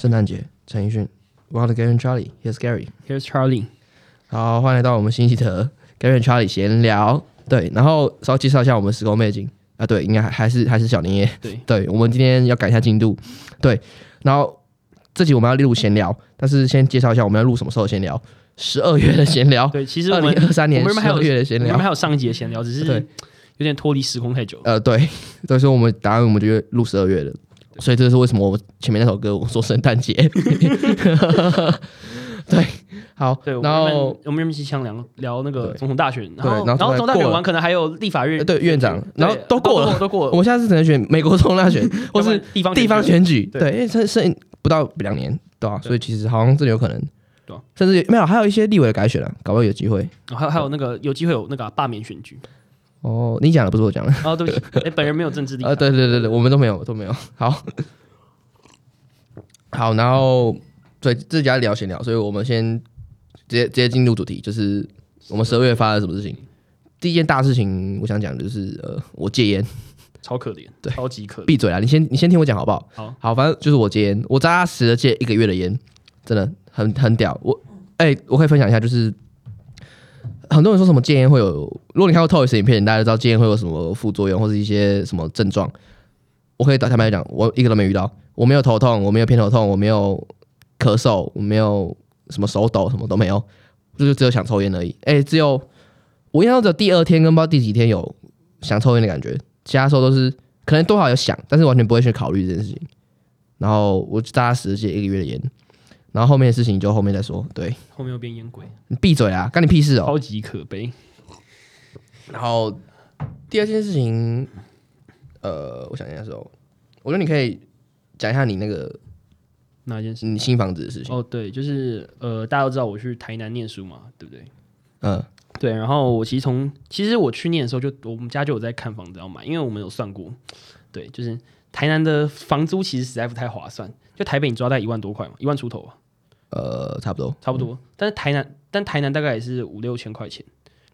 聖誕結，陳奕迅。Here's Gary, Here's Charlie。好，歡迎來到我們新一期的 Gary and Charlie 閒聊。對，然後稍微介紹一下我們時空背景啊。對，應該還是還是小年夜。對，對我們今天要趕一下進度。對，然後這集我們要錄閒聊，但是先介紹一下我們要錄什麼時候閒聊。十二月的閒聊。 對，其實二零二三年12月的閒聊，我們有有還有12月的閒聊，我們有有還有上一集的閒聊，只是有點脫離時空太久呃，對，對，所以說我們打算，我們就錄十二月的。所以這是為什麼我前面那首歌我說聖誕節？對，好，對，然後我們後面想聊聊那個總統大選，對，然後然後總統大選完可能還有立法院，對，院長，然後都過了都過了，我們下次只能選美國總統大選或是地方地方選舉，對，因為剩剩不到兩年對吧？所以其實好像這裡有可能，對，甚至沒有還有一些立委改選了，搞不好有機會，還有還有那個有機會有那個罷免選舉。哦，oh, 你講的不是我講的哦，oh, 對不起，哎、欸，本人沒有政治立場、 呃。對對對對，我們都沒有都沒有。好，好，然後，對、嗯，這家聊閒聊，所以我們先直接直接進入主題，就是我們十二月發生了什麼事情。的第一件大事情，我想講就是呃，我戒煙，超可憐，對，超級可憐。閉嘴啦！你先你先聽我講好不好？好好，反正就是我戒煙，我扎實的戒一個月的煙，真的很很屌。我哎、欸，我可以分享一下，就是。很多人說什麼戒菸會有，如果你看過透裡斯影片，大家知道戒菸會有什麼副作用或者一些什麼症狀。我可以坦白講，我一個都沒遇到，我沒有頭痛，我沒有偏頭痛，我沒有咳嗽，我沒有什麼手抖，什麼都沒有，就是只有想抽菸而已。哎、欸，只有我應該只有第二天跟不知道第幾天有想抽菸的感覺，其他時候都是可能多少有想，但是完全不會去考慮這件事情。然後我就大家實際一個月的菸。然後後面的事情就後面再說。對，後面又變菸鬼，你閉嘴啊！幹你屁事哦！超級可悲。然後第二件事情，呃，我想一下時候，我覺得你可以講一下你那個哪件事？你新房子的事情。哦，對，就是呃，大家都知道我去台南念書嘛，對不對？嗯，對。然後我其實從其實我去念的時候就，就我們家就有在看房子要買，因為我們有算過，對，就是台南的房租其實實在不太划算，就台北你抓在一萬多塊嘛，一萬出頭啊。呃，差不多，差不多。嗯、但是台南，但台南大概也是五六千塊錢，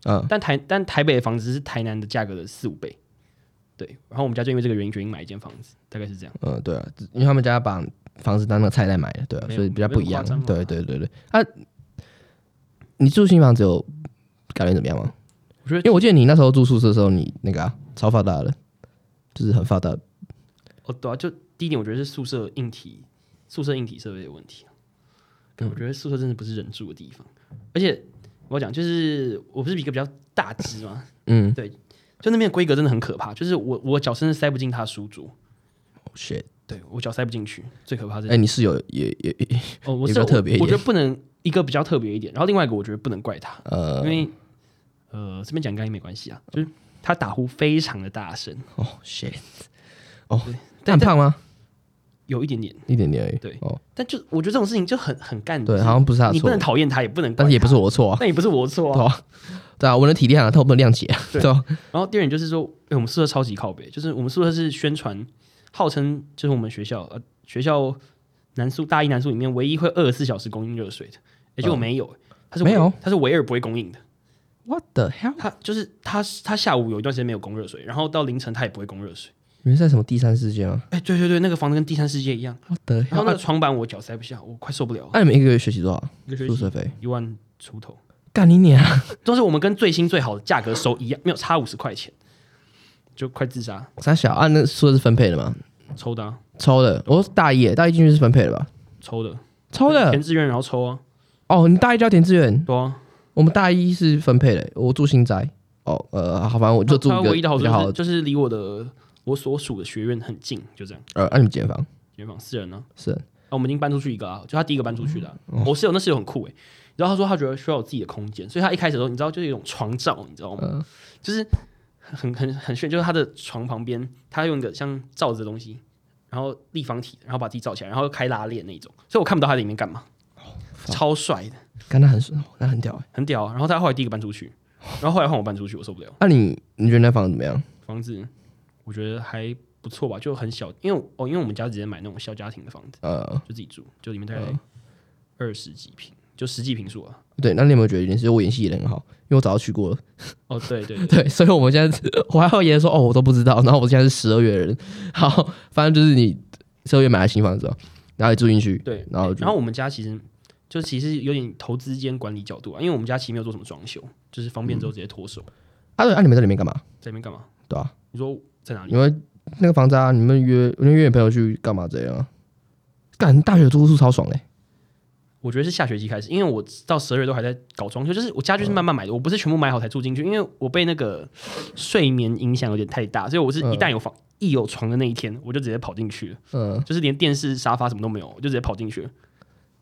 嗯。但台，但台北的房子是台南的價格的四五倍，對。然後我們家就因為這個原因決定買一間房子，大概是這樣。嗯，對啊，因為他們家把房子當那個菜來買了，對啊，有所以比較不一樣。對，對，對，對。啊，你住新房子有感覺怎麼樣嗎？我覺得，因為我記得你那時候住宿舍的時候，你那個、啊、超發達的，就是很發達。哦，對啊，就第一點，我覺得是宿舍硬體，宿舍硬體設備有問題。我覺得宿舍真的不是人住的地方，嗯、而且我要講，就是我不是比一個比較大隻嘛，嗯，對，就那邊的規格真的很可怕，就是我我腳甚至塞不進他書桌。哦、oh, shit！對，我腳塞不進去，最可怕的是。哎、欸，你室友也也哦，oh, 我室友特別一點我，我覺得不能一個比較特別一點，然後另外一個我覺得不能怪他，uh, 呃，因為呃這邊講應該也沒關係啊，就是他打呼非常的大聲。哦、oh, shit！哦、oh, 對，他很胖嗎？有一點點，一點點而已。對哦，但就我覺得這種事情就很很幹對，好像不是他錯，你不能討厭他，也不能，但是也不是我的錯，啊。那也不是我的錯，對啊，我能體諒，啊，他不能諒解，對吧？然後第二點就是說，欸，我們宿舍超級靠北，就是我們宿舍是宣傳，號稱就是我們學校呃學校男宿大一男宿裡面唯一會二十四小時供應熱水的，也就我沒有，他是沒有，他是唯二不會供應的，What the hell？他就是他他下午有一段時間沒有供熱水，然後到凌晨他也不會供熱水。你們在什麼第三世界嗎？哎，對對對，那個房子跟第三世界一樣。然後那個床板我腳塞不下，我快受不了。那你們一個月學習多少？住宿費一萬出頭？幹你娘！都是我們跟最新最好的價格收一樣，沒有差五十塊錢，就快自殺。三小？按那說的是分配的嗎？抽的，抽的。我說大一，大一進去是分配的吧？抽的，抽的。填志願然後抽啊？哦，你大一就要填志願？對啊。我們大一是分配的，我住新宅。哦，呃，好，反正我就住一個比較好，就是離我的。我所屬的學院很近，就這樣。呃、啊，按你們間房，間房四人呢、啊？是。啊，我們已經搬出去一個啊，就他第一個搬出去的、啊。哦、我室友那室友很酷哎、欸，然後他說他覺得需要有自己的空間，所以他一開始的時候，你知道就是一種床罩，你知道嗎？呃、就是很很很很炫，就是他的床旁邊，他用一個像罩子的東西，然後立方體，然後把自己罩起來，然後開拉鏈那種，所以我看不到他在裡面幹嘛，哦、超帥的。看他很帥，那很屌誒、欸，很屌啊。然後他後來第一個搬出去，然後後來換我搬出去，我受不了。那、哦啊、你你覺得那房子怎麼樣？房子？我覺得還不錯吧，就很小，因為哦，因為我們家直接買那種小家庭的房子，呃，uh, 就自己住，就裡面大概二十幾坪，uh, 就十幾坪數啊。對，那你有沒有覺得，尤其是我演戲演的很好，因為我早就去過了。哦，對對對，對，所以我們現在，我還要演說哦，我都不知道。然後我現在是十二月人，好，反正就是你十二月買了新房子，然後你住進去。對，然後、欸、然後我們家其實就是其實有點投資兼管理角度啊，因為我們家其實沒有做什麼裝修，就是方便之後直接脫手。啊、嗯，啊對，啊你們在裡面幹嘛？在裡面幹嘛？對啊，你說。在哪裡？因為那個房子啊，你們約你約你朋友去幹嘛這樣、啊？幹，大學住宿超爽的、欸。我覺得是下學期開始，因為我到十二月都還在搞裝修，就是我家具是慢慢買的，嗯、我不是全部買好才住進去，因為我被那個睡眠影響有點太大，所以我是一旦有房、嗯、一有床的那一天，我就直接跑進去了，嗯，就是連電視沙發什麼都沒有，我就直接跑進去了。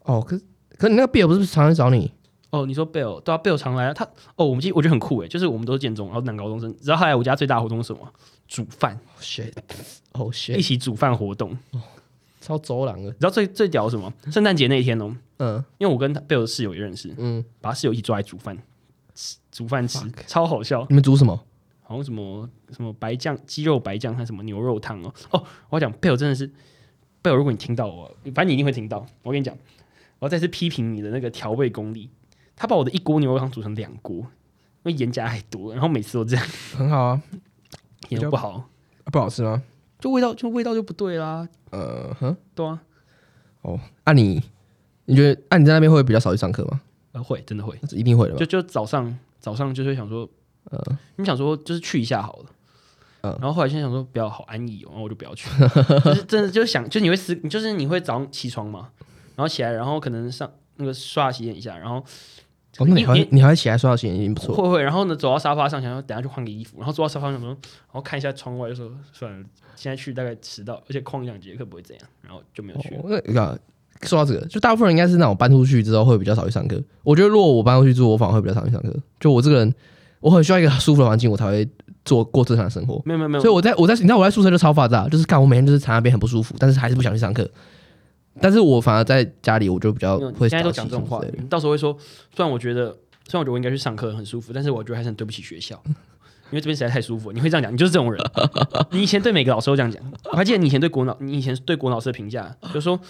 哦，可可你那個 B 友不是常來找你？哦，你說貝爾對啊，貝爾常來，他哦，我們其實我覺得很酷哎，就是我們都是建中，然後男高中生。你知道後來我家最大的活動是什麼？煮飯 oh，shit，, oh shit. 一起煮飯活動，oh, 超走郎的。你知道最最屌什麼？聖誕節那一天哦，嗯，因為我跟貝爾的室友也認識，嗯，把室友一起抓來煮飯吃，煮飯吃，fuck. 超好笑。你們煮什麼？好像什麼什麼白醬雞肉白醬，還什麼牛肉湯哦。哦，我要講貝爾真的是，貝爾，如果你聽到我，反正你一定會聽到。我跟你講，我要再次批評你的那個調味功力。他把我的一鍋牛肉湯煮成兩鍋，因為鹽加太多，然後每次都這樣。很好啊，也不好，啊啊、不好吃嗎？就味道，就味道就不對啦。呃、嗯，哼，對啊。哦，那、啊、你你覺得，哎、嗯，啊、你在那邊會,會比較少去上課嗎？呃、啊，會，真的會，啊、一定會的吧？就就早上，早上就是想說，嗯、你想說就是去一下好了。嗯，然後後來現在想說比較好安逸、哦，然後我就不要去。 就是真的就是想，就你會思，就是你會早上起床嘛，然後起來，然後可能上那個刷牙洗臉一下，然後。哦、那你還你還起來刷牙洗臉已經不錯，欸欸，會會。然後呢，走到沙发上想，想要等下去換個衣服，然後坐到沙发上說，然後看一下窗外，就說，算了，現在去大概遲到，而且曠一兩節課不會怎樣，然後就沒有去了。那你看，說到這個，就大部分人應該是那種搬出去之後會比較少去上課。我覺得，如果我搬出去住，我反而會比較少去上課。就我這個人，我很需要一個舒服的環境，我才會做過正常的生活。沒有沒有沒有。所以我在我在你知道我在宿舍就超发達，就是看我每天就是躺那邊很不舒服，但是還是不想去上課。但是我反而在家裡，我就比較會。現在都講這種話，對你到時候會說。雖然我覺得，雖然我覺得我應該去上課很舒服，但是我覺得還是很對不起學校， 因為這邊實在太舒服。你會這樣講？你就是這種人。 你以前對每個老師都這樣講。我還記得你以前對國老，你以前對國老師的評價，就是說。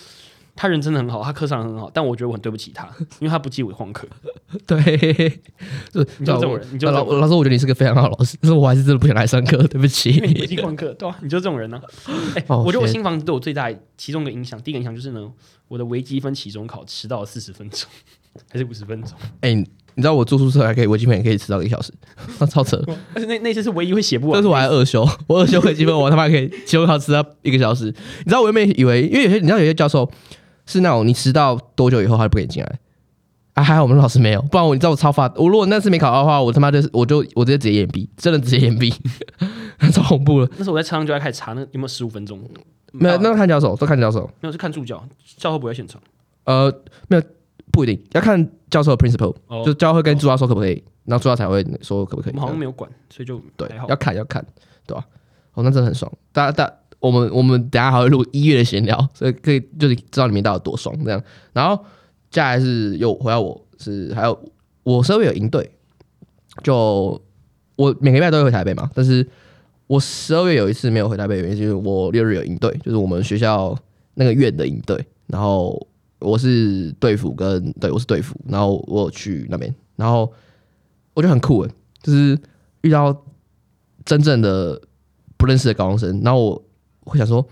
他人真的很好，他課上很好，但我覺得我很對不起他，因為他不記我曠課。對，是你就這種人，道老師，老說我覺得你是個非常好老師，但是我還是真的不想來上課，對不起。不記曠課，對吧、啊？你就這種人呢、啊？欸、Okay. 我覺得我新房子對我最大其中一個影響，第一個影響就是呢，我的微積分期中考遲到了四十分鐘，還是五十分鐘？哎、欸，你知道我住宿舍還可以，微積分可以遲到一個小時，那、啊、超扯。但是那那些是唯一會寫不完，但是我還二修，我二修微積分，我 他媽可以期中考遲到一個小時。你知道我原本以為？因為有些你知道有些教授。是那種你遲到多久以後他就不給你進來啊？還好我們老師沒有，不然我你知道我超發。我如果那次沒考到的話，我他媽就是我就我直接直接演 B，真的直接演 B，呵呵超恐怖了。那時候我在車上就要開始查那有沒有十五分鐘、啊，沒有。那個看教授都看教授，啊、沒有是看助教。教授不在現場，呃，沒有，不一定要看教授的 principle，、哦、就教授會跟助教說可不可以，哦、然後助教才會說可不可以。我們好像沒有管，所以就對，要看要看，對吧、啊？哦，那真的很爽，大家大家。我們我們等下還會錄一月的閒聊，所以可以就是知道你們到底有多爽這樣。然後接下來是又回到我是還有我十二月有營隊，就我每個月都會回台北嘛。但是我十二月有一次沒有回台北，原因是因為我六日有營隊，就是我們學校那個院的營隊。然後我是隊輔跟，對，我是隊輔，然後我去那邊，然後我就很酷誒，就是遇到真正的不認識的高中生，然後我。會想說，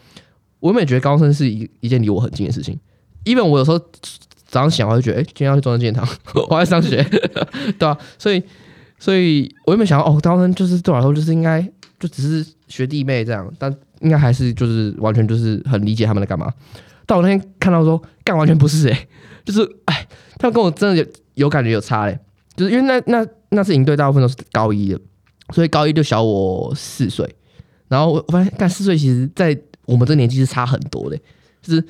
我有沒有覺得高升是一一件離我很近的事情？因為我有時候早上醒來，我就覺得，哎、欸，今天要去中山紀念堂，我要上學， 對吧、啊？所以，所以我有沒有想到，哦，高升就是對我來說就是應該就只是學弟妹這樣，但應該還是就是完全就是很理解他們在幹嘛。但我那天看到說，幹完全不是、欸、就是哎，他們跟我真的有有感覺有差嘞、欸，就是因為那那那次營隊，大部分都是高一的，所以高一就小我四歲。然後我發現，但四歲其實，在我們這年紀是差很多的，就是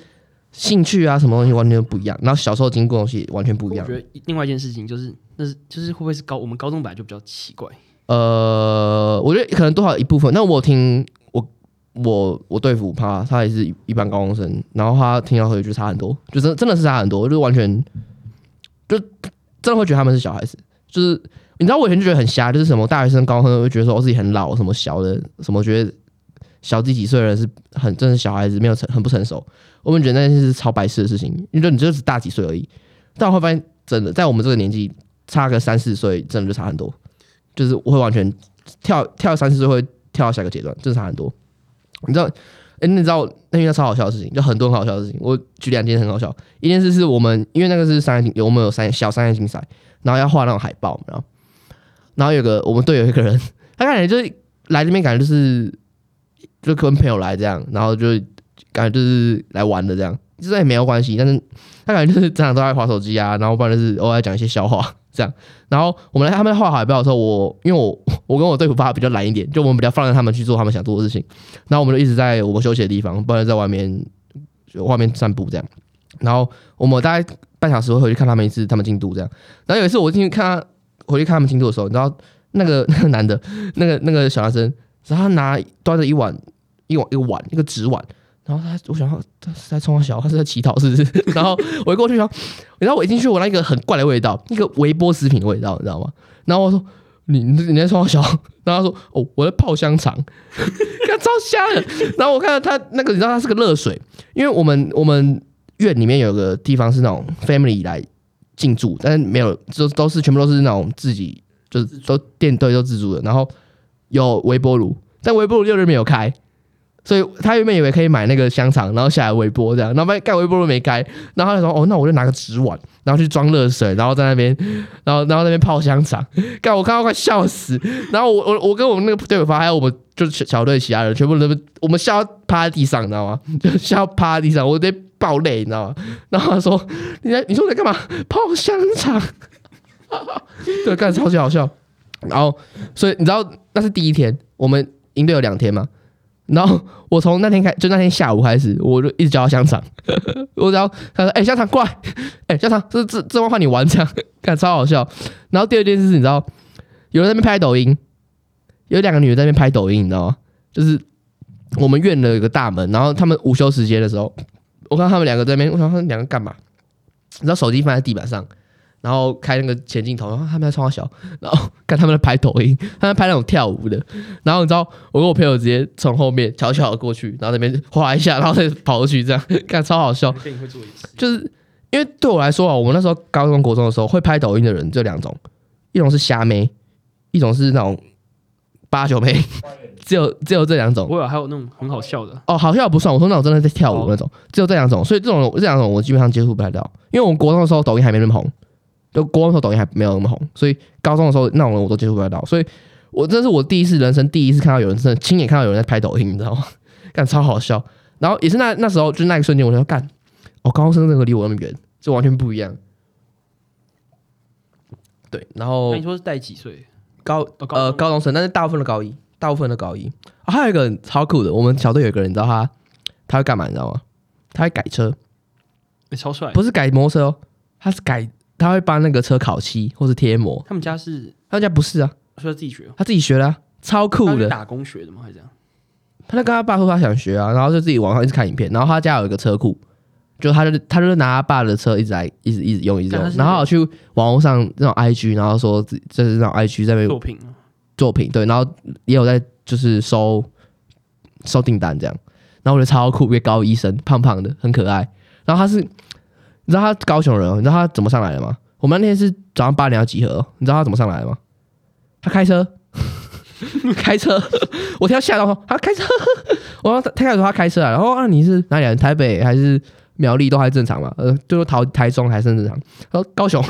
興趣啊，什麼東西完全不一樣。然後小時候經過東西完全不一樣。我覺得另外一件事情就是，那是就是會不會是高我們高中本來就比較奇怪？呃，我覺得可能多少一部分。那我聽我我我對付他，他也是一一般高中生，然後他聽到後就差很多，就真的真的是差很多，就完全就真的會覺得他們是小孩子，就是。你知道我以前就覺得很瞎，就是什麼大學生高中生會覺得說自己很老，什麼小的什麼覺得小自己幾歲的人是很真的是小孩子，沒有成很不成熟。我們覺得那些是超白痴的事情，你覺得你就是大幾歲而已。但我會發現真的，在我們這個年紀，差個三四歲真的就差很多，就是我會完全跳跳三四歲會跳到下一個階段，就是差很多。你知道？哎、欸，你知道那件超好笑的事情，就很多很好笑的事情。我舉兩件很好笑，一件事是我們因為那個是商業經，我們有三小商業競賽，然後要畫那種海報，然後。然後有個我們隊友一個人，他感覺就是來這邊感覺就是就跟朋友來這樣，然後就感覺就是來玩的這樣，就也沒有關係，但是他感覺就是常常都在滑手機啊，然後不然就是偶爾講一些笑話這樣。然後我們來他們畫好海報的時候，我因為我我跟我隊友爸比較懶一點，就我們比較放任他們去做他們想做的事情。然後我們就一直在我們休息的地方，不然在外面外面散步這樣。然後我們大概半小時會回去看他們一次他們進度這樣。然後有一次我進去看他。回去看他們進度的時候，你知道那個那個男的，那個那個小男生，然後他拿端着一碗一碗一個碗，一個紙碗，然後他我想他是在沖我笑，他是在乞討是不是？然後我一過去說，然後我一進去，我聞到一個很怪的味道，一個微波食品的味道，你知道嗎？然後我說你你在沖我笑，然後他說哦我在泡香腸，看超瞎的。然後我看到他那個，你知道他是個熱水，因為我們我們院裡面有個地方是那種 family 來進駐，但是沒有，就都是全部都是那種自己就是都電對，都自助的，然後有微波爐，但微波爐六日沒有開，所以他原本以為可以買那個香腸，然後下來微波這樣，然後被蓋微波爐沒開，然後他說哦，那我就拿個紙碗，然後去裝熱水，然後在那邊，然後然後那邊泡香腸，幹我看到快笑死，然後我我我跟我們那個隊友發，還有我們就是小隊其他人全部都被我們笑趴在地上，你知道嗎？就笑趴在地上，我得，爆累，你知道嗎？然後他說：“你在，你說我在幹嘛？泡香腸。”哈哈，對，看超級好笑。然後，所以你知道那是第一天，我們營隊有兩天嘛。然後我從那天開，就那天下午開始，我就一直叫他香腸。 我然後他說：“誒，香腸過來，哎，香腸，欸、香腸是是是這這玩玩這關話你完這看超好笑。”然後第二件事是，你知道，有人在那邊拍抖音，有兩個女的在那邊拍抖音，你知道嗎？就是我們院的有個大門，然後他們午休時間的時候。我看他們兩個在那邊，我想他們兩個幹嘛？你知道手機放在地板上，然後開那個前鏡頭，他們在超好笑，然後看他們在拍抖音，他們在拍那種跳舞的。然後你知道，我跟我朋友直接從後面悄悄過去，然後在那邊划一下，然後再跑過去，這樣看超好笑。就是因為對我來說啊，我那時候高中、國中的時候會拍抖音的人就兩種，一種是瞎妹，一種是那種八九妹。只有只有這兩種，我有、啊，還有那種很好笑的哦，好笑不算。我說那種真的在跳舞那種，哦、只有這兩種，所以這種這兩種我基本上接觸不太到，因為我們國中的時候抖音還沒那麼紅，就國中的時候抖音還沒有那麼紅，所以高中的時候那種人我都接觸不太到。所以我這是我第一次人生第一次看到有人真的親眼看到有人在拍抖音，你知道嗎？幹超好笑，然後也是那那時候就那一瞬間，我就幹，哦，高中生怎麼離我那麼遠，這完全不一樣。對，然後你說是帶幾歲高，高呃高中生，但是大部分的高一。大部分的高一，哦、還有一個人超酷的，我們小隊有一個人，你知道他，他會幹嘛，你知道嗎？他會改車，欸、超帥，不是改摩托車哦，他是改，他會幫那個車烤漆或是貼膜。他們家是，他們家不是啊，啊所以是他自己學，他自己學的啊，超酷的。打工學的嗎？還是這樣？他就跟他爸說他想學啊，然後就自己網上一直看影片，然後他家有一個車庫，就他就他就拿他爸的車一直在一直一直用一直用，那個、然後去網絡上那種 IG，然後說自己、就是那種 IG 在那邊作品作品對，然後也有在就是收收訂單這樣，然後我覺得超酷，越一個高一生，胖胖的，很可愛。然後他是，你知道他高雄人、哦、你知道他怎麼上來的嗎？我們那天是早上八點要集合、哦，你知道他怎麼上來的嗎？他開車，開車， 開車我聽到嚇到，他他、啊、開車，我說他開始說他開車啊，然後啊你是哪裡人？台北還是？苗栗都還正常嘛，呃，就說台台中還是正常。他說高雄，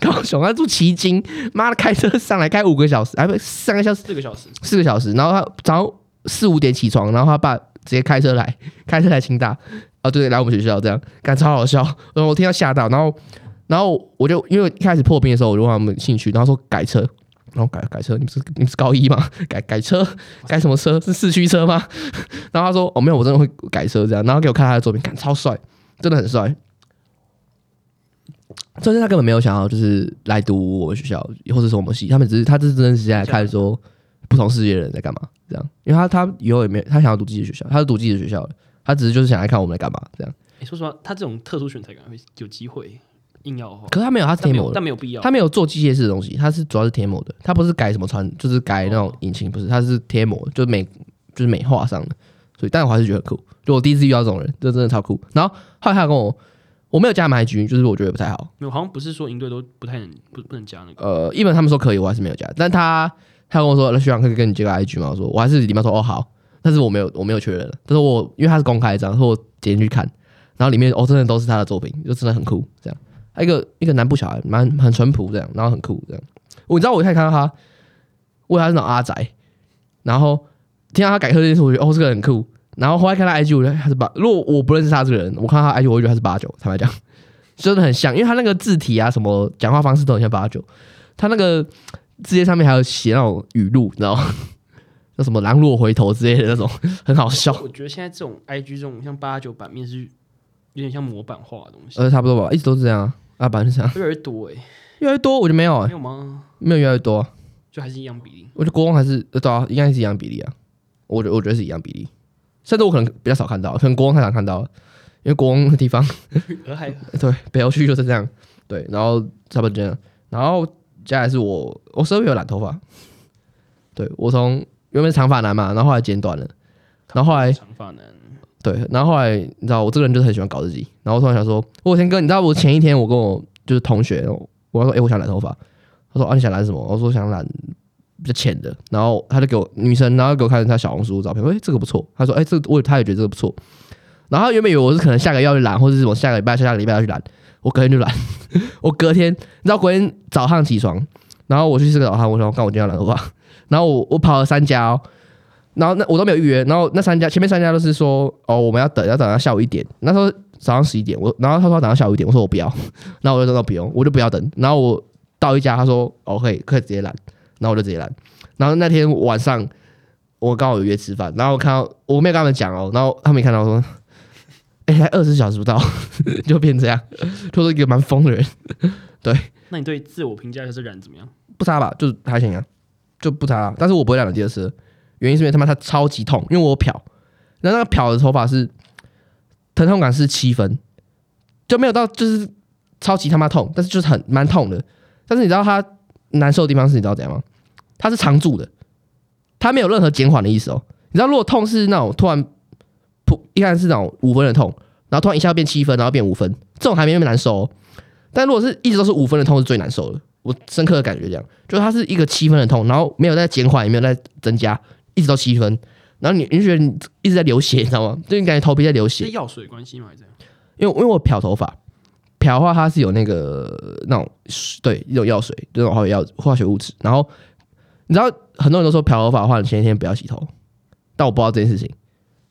高雄，他住旗津，媽的開車上來開五個小時，哎，不三個小時，四個小時，四個小時，四個小時。然後他早上四五點起床，然後他爸直接開車來，開車來清大，然、哦、對對，來我們學校這樣，感覺超好笑。然後我聽到嚇到，然後，然後我就因為一開始破冰的時候，我就問他們興趣然後說改車。然後改改車，你不是你不是高一嗎？改改車，改什麼車？是四驅車嗎？然後他說哦沒有，我真的會改車這樣。然後給我看他的作品，看超帥，真的很帥。其實他根本沒有想要就是來讀我們學校，或者是我們系，他們只是他只是真的是在看說不同世界的人在幹嘛這樣。因為他他以後也沒他想要讀自己的學校，他是讀自己的學校的，他只是就是想來看我們在幹嘛這樣。你說實話，他這種特殊選才感會有機會。硬要，哦、可是他沒有，他是貼膜的但，但沒有必要。他沒有做機械式的東西，他是主要是貼膜的，他不是改什麼傳，就是改那種引擎，不是，他是貼膜，就美就是美化上的。所以，但我還是覺得很酷。就我第一次遇到這種人，這真的超酷。然後後來他跟我，我沒有加馬海 IG，就是我覺得不太好。有好像不是說，營隊都不太能，不不能加那個。呃，一般他們說可以，我還是沒有加。但他他跟我說，那學長可以跟你接個 IG 嘛？我說，我還是禮貌說哦好，但是我沒有我沒有確認了。但是我因為他是公開一張，然後我點進去看，然後裡面哦真的都是他的作品，就真的很酷，這樣。一個一個南部小孩，蠻很淳樸這樣，然後很酷這樣。我、哦、你知道我一開始看到他，為他是那種阿宅，然後聽到他改課這件事，我覺得哦這個人很酷。然後後來看他 IG，我覺得他是八。如果我不認識他這個人，我看到他 IG，我會覺得他是八九。坦白講，真的很像，因為他那個字體啊，什麼講話方式都很像八九。他那個字體上面還有寫那種語錄，你知道？叫 什麼“狼若回頭”之類的那種，很好笑。我覺得現在這種 IG 這種像八九版面是有點像模板化的東西。呃，差不多吧，一直都是這樣。啊。啊，本來是這樣，越來越多，欸，哎，越來越多，我就沒有，欸，哎，沒有嗎？沒有越來越多，啊，就還是一樣比例。我覺得國王還是呃，對，啊，應該是一樣比例啊。我覺得我覺得是一樣比例，甚至我可能比較少看到，可能國王太難看到，因為國王的地方， 對，北歐區就是這樣，對，然後差不多這樣，然後接下來是我，我稍微有染頭髮，對我從原本是長髮男嘛，然後後來剪短了，看 然後後來長髮男。對，然後後來你知道我這個人就是很喜歡搞自己，然後我突然想說，我天哥，你知道我前一天我跟我就是同學，我說，哎我想染頭髮，他說，啊你想染什麼？我說我想染比較淺的，然後他就給我女生，然後給我看他小紅書照片，哎這個不錯，他說，哎這個、我也他也覺得這個不錯，然後他原本以為我是可能下個月要去染，或者我下個禮拜、下下禮拜要去染，我隔天就染， 我隔天你知道隔天早上起床，然後我去吃個早餐，我想說看我今天要染頭髮，然後我我跑了三家哦然後那我都沒有預約，然後那三家前面三家都是說，哦我們要等，要等到下午一點，那時候早上十一點我，然後他說要等到下午一點，我說我不要，然後我就說到不用，我就不要等。然後我到一家，他說、哦、可以可以直接染，然後我就直接染。然後那天晚上我剛好有約吃飯，然後我看到我沒有跟他們講哦，然後他們看到我說，哎才二十小時不到 就變這樣，他說一個蠻瘋的人。對，那你對自我評價就是染怎麼樣？不差吧，就還行啊，就不差、啊。但是我不會染的第二次。原因是因為他媽，他超級痛，因為我有漂，然後那個漂的頭髮是疼痛感是七分，就沒有到就是超級他媽痛，但是就是很蠻痛的。但是你知道他難受的地方是，你知道怎樣嗎？他是常駐的，他沒有任何減緩的意思哦、喔。你知道如果痛是那種突然噗，一開始是那種五分的痛，然後突然一下變七分，然後變五分，這種還沒那麼難受、喔。哦。但如果是一直都是五分的痛是最難受的，我深刻的感覺這樣，就是它是一個七分的痛，然後沒有在減緩，也沒有在增加，一直到七分，然後你，你覺得你一直在流血，你知道嗎？就你感覺頭皮在流血，跟藥水關係嗎？這樣？因為因為我漂頭髮，漂的話它是有那個那種對一種藥水，一種化學藥化學物質。然後你知道很多人都說漂頭髮的話，你前一天不要洗頭，但我不知道這件事情，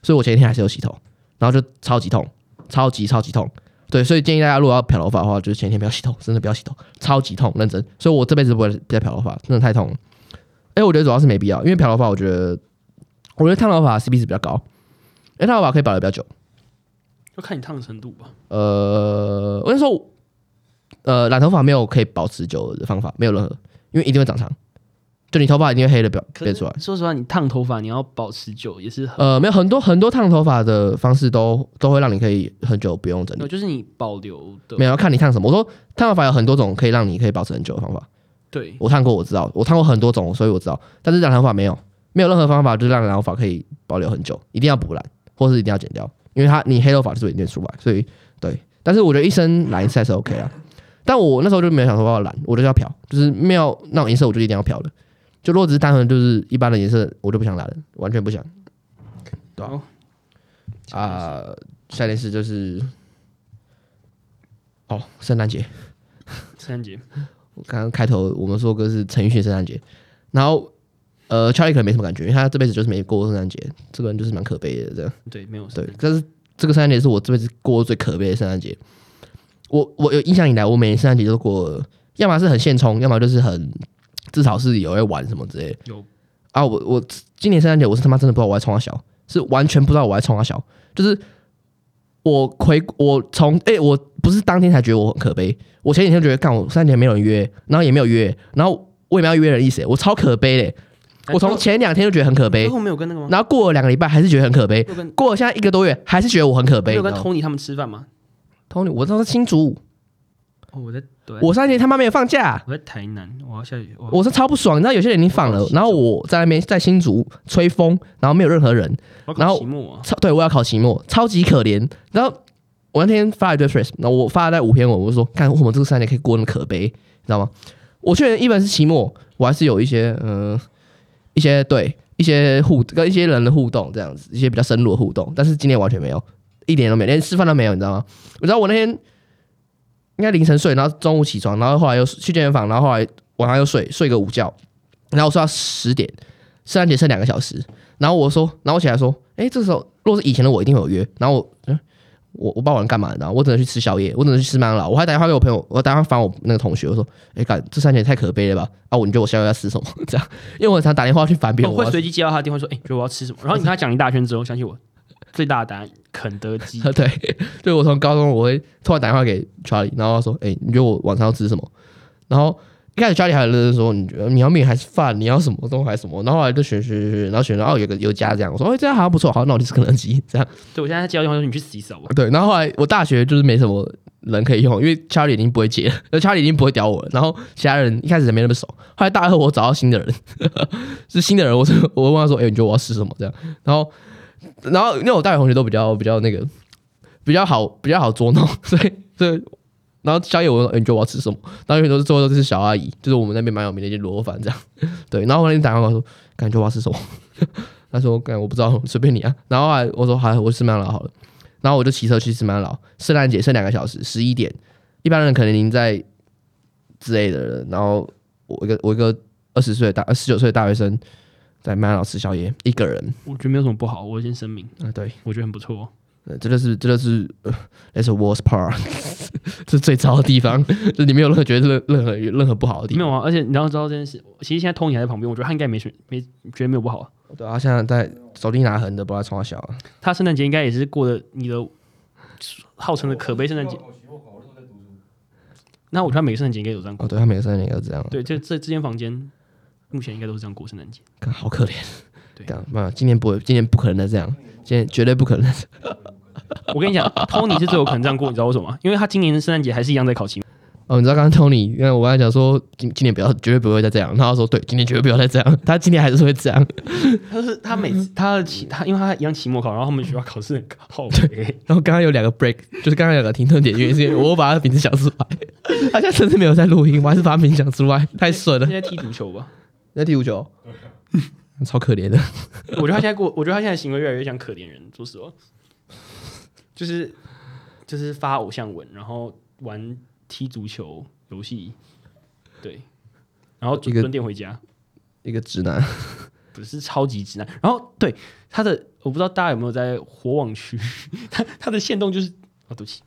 所以我前一天還是有洗頭，然後就超級痛，超級超級痛。對，所以建議大家如果要漂頭髮的話，就是前一天不要洗頭，真的不要洗頭，超級痛，認真。所以我這輩子不會再漂頭髮，真的太痛了。哎，我覺得主要是沒必要，因為漂頭髮，我覺得，我覺得燙頭髮的 CP 值比較高。哎，燙頭髮可以保留比較久，就看你燙的程度吧。呃，我跟你說，呃，染頭髮沒有可以保持久的方法，沒有任何，因為一定會長長。就你頭髮一定會黑的表，表是變出來。說實話，你燙頭髮，你要保持久也是呃，沒有很多很多燙頭髮的方式都都會讓你可以很久不用整理。哦，就是你保留的。沒有，要看你燙什麼。我說燙頭髮有很多種可以讓你可以保持很久的方法。對，我看過，我知道，我看過很多種，所以我知道。但是染頭髮沒有，沒有任何方法，就是染頭髮可以保留很久，一定要補染，或是一定要剪掉，因為它你黑頭髮是不是會變出來，所以對。但是我覺得一身藍色還是 OK 啊。嗯、但我那時候就沒有想說要染，我就是要漂，就是沒有那種顏色，我就一定要漂的。就如果只是單純就是一般的顏色，我就不想染了，完全不想。好，啊、哦呃，下一件事就是，哦，聖誕節，聖誕節。 剛剛開頭我們說個是陳奕迅聖誕節，然後呃，Charlie 可能沒什麼感覺，因為他這輩子就是沒過過聖誕節，這個人就是蠻可悲的這樣。對，沒有。對，但是這個聖誕節是我這輩子過最可悲的聖誕節。我我有印象以來，我每年聖誕節都過，要麼是很現充，要麼就是很至少是有會玩什麼之類的。有啊，我我今年聖誕節我是他媽真的不知道我在衝三小，是完全不知道我在衝三小，就是我回我從哎、欸、我。不是當天才覺得我很可悲，我前幾天就覺得，幹我三天沒有人約，然後也沒有約，然後我也沒有約人的意思，我超可悲嘞。欸、我從前兩天就覺得很可悲，有跟我然後過了兩個禮拜還是覺得很可悲，過了現在一個多月還是覺得我很可悲。又跟 Tony 後他們吃飯嗎？Tony 我知道是新竹，我在，對我三天他媽沒有放假。我在台南，我要下雨，我，下我是超不爽。你知道有些人已經放了，然後我在那邊在新竹吹風，然後沒有任何人，然後、啊、超對，我要考期末，超級可憐，然後。我那天發了一堆限動然後我發了那五篇文，我就說看為什麼這個三年可以過那麼可悲，你知道嗎？我去年一般是期末，我還是有一些嗯、呃、一些對一些互跟一些人的互動這樣子，一些比較深入的互動，但是今天完全沒有，一點都沒有連吃飯都沒有，你知道嗎？我知道我那天應該凌晨睡，然後中午起床，然後後來又去健身房，然後後來晚上又睡睡個午覺，然後我睡到十點，聖誕節剩兩個小時，然後我說，然後我起來說，誒，這時候如果是以前的我一定有約，然後我嗯。我不知道我傍晚幹嘛呢？然後我只能去吃宵夜，我只能去吃麥當勞。我還打電話給我朋友，我打電話煩我那個同學，我說：“哎、欸，幹這三年太可悲了吧？啊，我你覺得我宵夜要吃什麼？這樣，因為我常打電話去煩別人。我、哦、會隨機接到他的電話，說：“哎、欸，比如我要吃什麼？”然後你跟他講一大圈之後， 相信我，最大的答案肯德基。對 對，我從高中我會突然打電話給 Charlie，然後他說：“哎、欸，你覺得我晚上要吃什麼？”然後。一開始家裡還認真說，你覺得你要麵還是飯，你要什麼東西還是什麼，然後後來就選選選，然後選說哦，有個有家這樣，我說哦、哎、這樣好像不錯，好，那我就是肯德基這樣。對我現在接到電話，說你去洗手吧。對，然後後來我大學就是沒什麼人可以用，因為家裡已經不會接了，而家裡已經不會屌我了。然後其他人一開始沒那麼熟，後來大二我找到新的人，呵呵是新的人，我說我問他說，誒、欸，你覺得我要吃什麼？這樣，然後然後因為我大學同學都比較比較那個比較好比較好捉弄，所以所以。然後宵夜，我說、欸、你覺得我要吃什麼？當時都是做的都是小阿姨，就是我們那邊蠻有名的那螺螄粉這樣。對，然後後來你打電話說，感覺我要吃什麼？他說，感我不知道，隨便你啊。然後，後來我說，好，我吃麥當勞好了。然後我就騎車去吃麥當勞。聖誕節剩兩個小時，十一點，一般人可能已經在之類的人，然後我一個我一個二十歲大十九歲大學生在麥當勞吃宵夜，一個人我，我覺得沒有什麼不好，我先聲明啊，對我覺得很不錯。呃，真的、就是，真的、就是，呃 that's the worst part， 是最糟的地方。 就是你沒有任何覺得任何任何任何不好的地方。沒有啊，而且你剛剛知道這件事，其實現在 Tony 還在旁邊，我覺得他應該沒什沒覺得沒有不好、啊。哦、對啊，現在在手裡拿橫的，把他從小他聖誕節應該也是過的你的號稱的可悲聖誕節。 那我覺得他每個聖誕節應該有這樣過。哦對，對他每個聖誕節應該都這樣。對，這這這間房間目前應該都是這樣過聖誕節。好可憐。對這樣媽，今年不會，今年不可能再這樣，今年絕對不可能的。 我跟你講，Tony 是最有可能這樣過，你知道為什麼嗎？因為他今年的聖誕節還是一樣在考勤。哦，你知道剛剛 Tony，因為我剛才講說今今年不要，絕對不會再這樣。然後他說：“對，今年絕對不要再這樣。”他今年還是會這樣。 他說、就是、他每次他的其他，因為他一樣期末考，然後他們學校考試很高。 對。然後剛剛有兩個 break，就是剛剛兩個停頓點，原 因是，我把他的名字想出來，他現在甚至沒有在錄音，我還是把他名字講出來，太損了。現在，現在踢足球吧，在踢足球。 超可憐的， 我覺得他現在過，我覺得他現在行為越來越像可憐人。說實話，就是就是發偶像文，然後玩踢足球遊戲，對，然後準點回家，一個直男，嗯，不是超級直男。然後對他的，我不知道大家有沒有在火網區，他 他的限動就是啊、哦，對不起，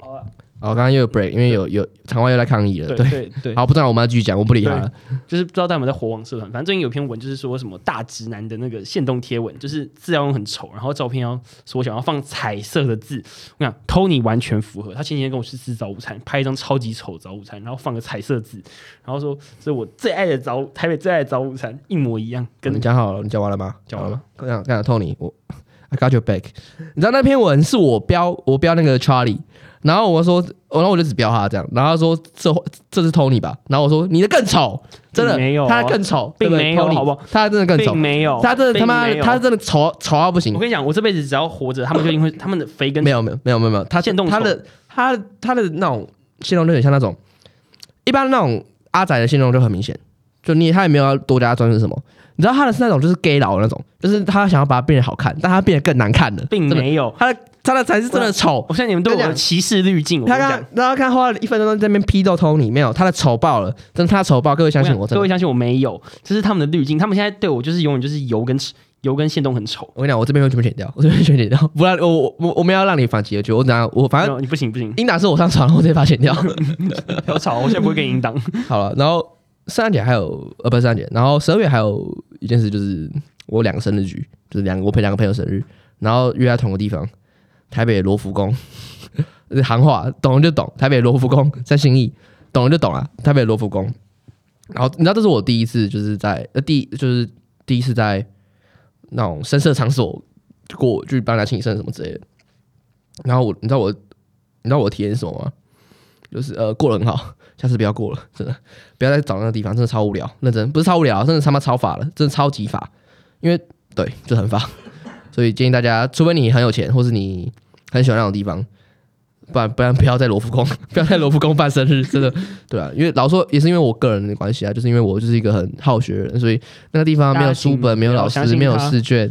好、啊哦，剛剛又有 break，、嗯、因為有對有場外又來抗議了。對對對。對好，不知道我們要繼續講，我不理他了。就是不知道他們在火網社團，反正最近有篇文就是說什麼大直男的那個限動貼文，就是字要用很醜，然後照片要縮小要放彩色的字。我跟你講 Tony 完全符合，他前幾天跟我去吃早午餐，拍一張超級醜的早午餐，然後放個彩色字，然後說這是我最愛的早台北最愛的早午餐，一模一樣跟、嗯。你講好了，你講完了嗎？講完了嗎。嗎樣好，這樣 Tony 我。I got your back。你知道那篇文是我標，我標那個 Charlie，然後我說，然後我就只標他這樣，然後他說這這是 Tony 吧，然後我說你的更醜，真的沒有、哦，他更醜，對不對並沒有 Tony，好不好？他真的更醜，並沒有，他真的，他，真的他媽，他真的醜醜到不行。我跟你講，我這輩子只要活着，他們就因為他們的肥跟 沒有沒有沒有沒有沒有，他限動他的他他的那種限動就很像那種一般那種阿仔的限動就很明顯。就你他也沒有要多加裝飾什麼，你知道他的是那種就是 gay 佬那種，就是他想要把它變得好看，但他變得更難看了，並沒有，他的他的才是真的醜。沒我，我現在你們都有的歧視濾鏡，我跟你講，大家看花了一分鐘在那邊批偷通裡面，他的醜爆了，真的他醜爆，各位相信我，我，各位相信我沒有，這是他們的濾鏡，他們現在對我就是永遠就是油跟油跟限動都很醜。我跟你講，我這邊會全部剪掉，我這邊全剪掉，不然我我我們要讓你反擊了，就我等下，我反正你不行不行。音檔是我上床，我這邊把他剪掉，好 吵，我現在不會跟你音檔 好了，然後。聖誕節還有呃不是聖誕節，然後十二月還有一件事，就是我兩個生日局，就是兩個我陪兩個朋友生日，然後約在同一個地方，台北羅浮宮， 行話懂了就懂，台北羅浮宮在信義，懂了就懂啊，台北羅浮宮。然後你知道這是我第一次就是在呃第就是第一次在那種聲色場所就過，去幫他慶生什麼之類的。然後我你知道我你知道我體驗什麼嗎？就是呃過得很好。下次不要過了，真的，不要再找那個地方，真的超無聊。認真，不是超無聊啊，真的他媽超煩了，真的超級煩。因為對，就很煩，所以建議大家，除非你很有錢，或是你很喜歡那種地方，不然不然不要在羅浮宮，不要在羅浮宮辦生日。真的，對啊，因為老說也是因為我個人的關係啊，就是因為我就是一個很好學的人，所以那個地方沒有書本，沒有老師，沒有試卷。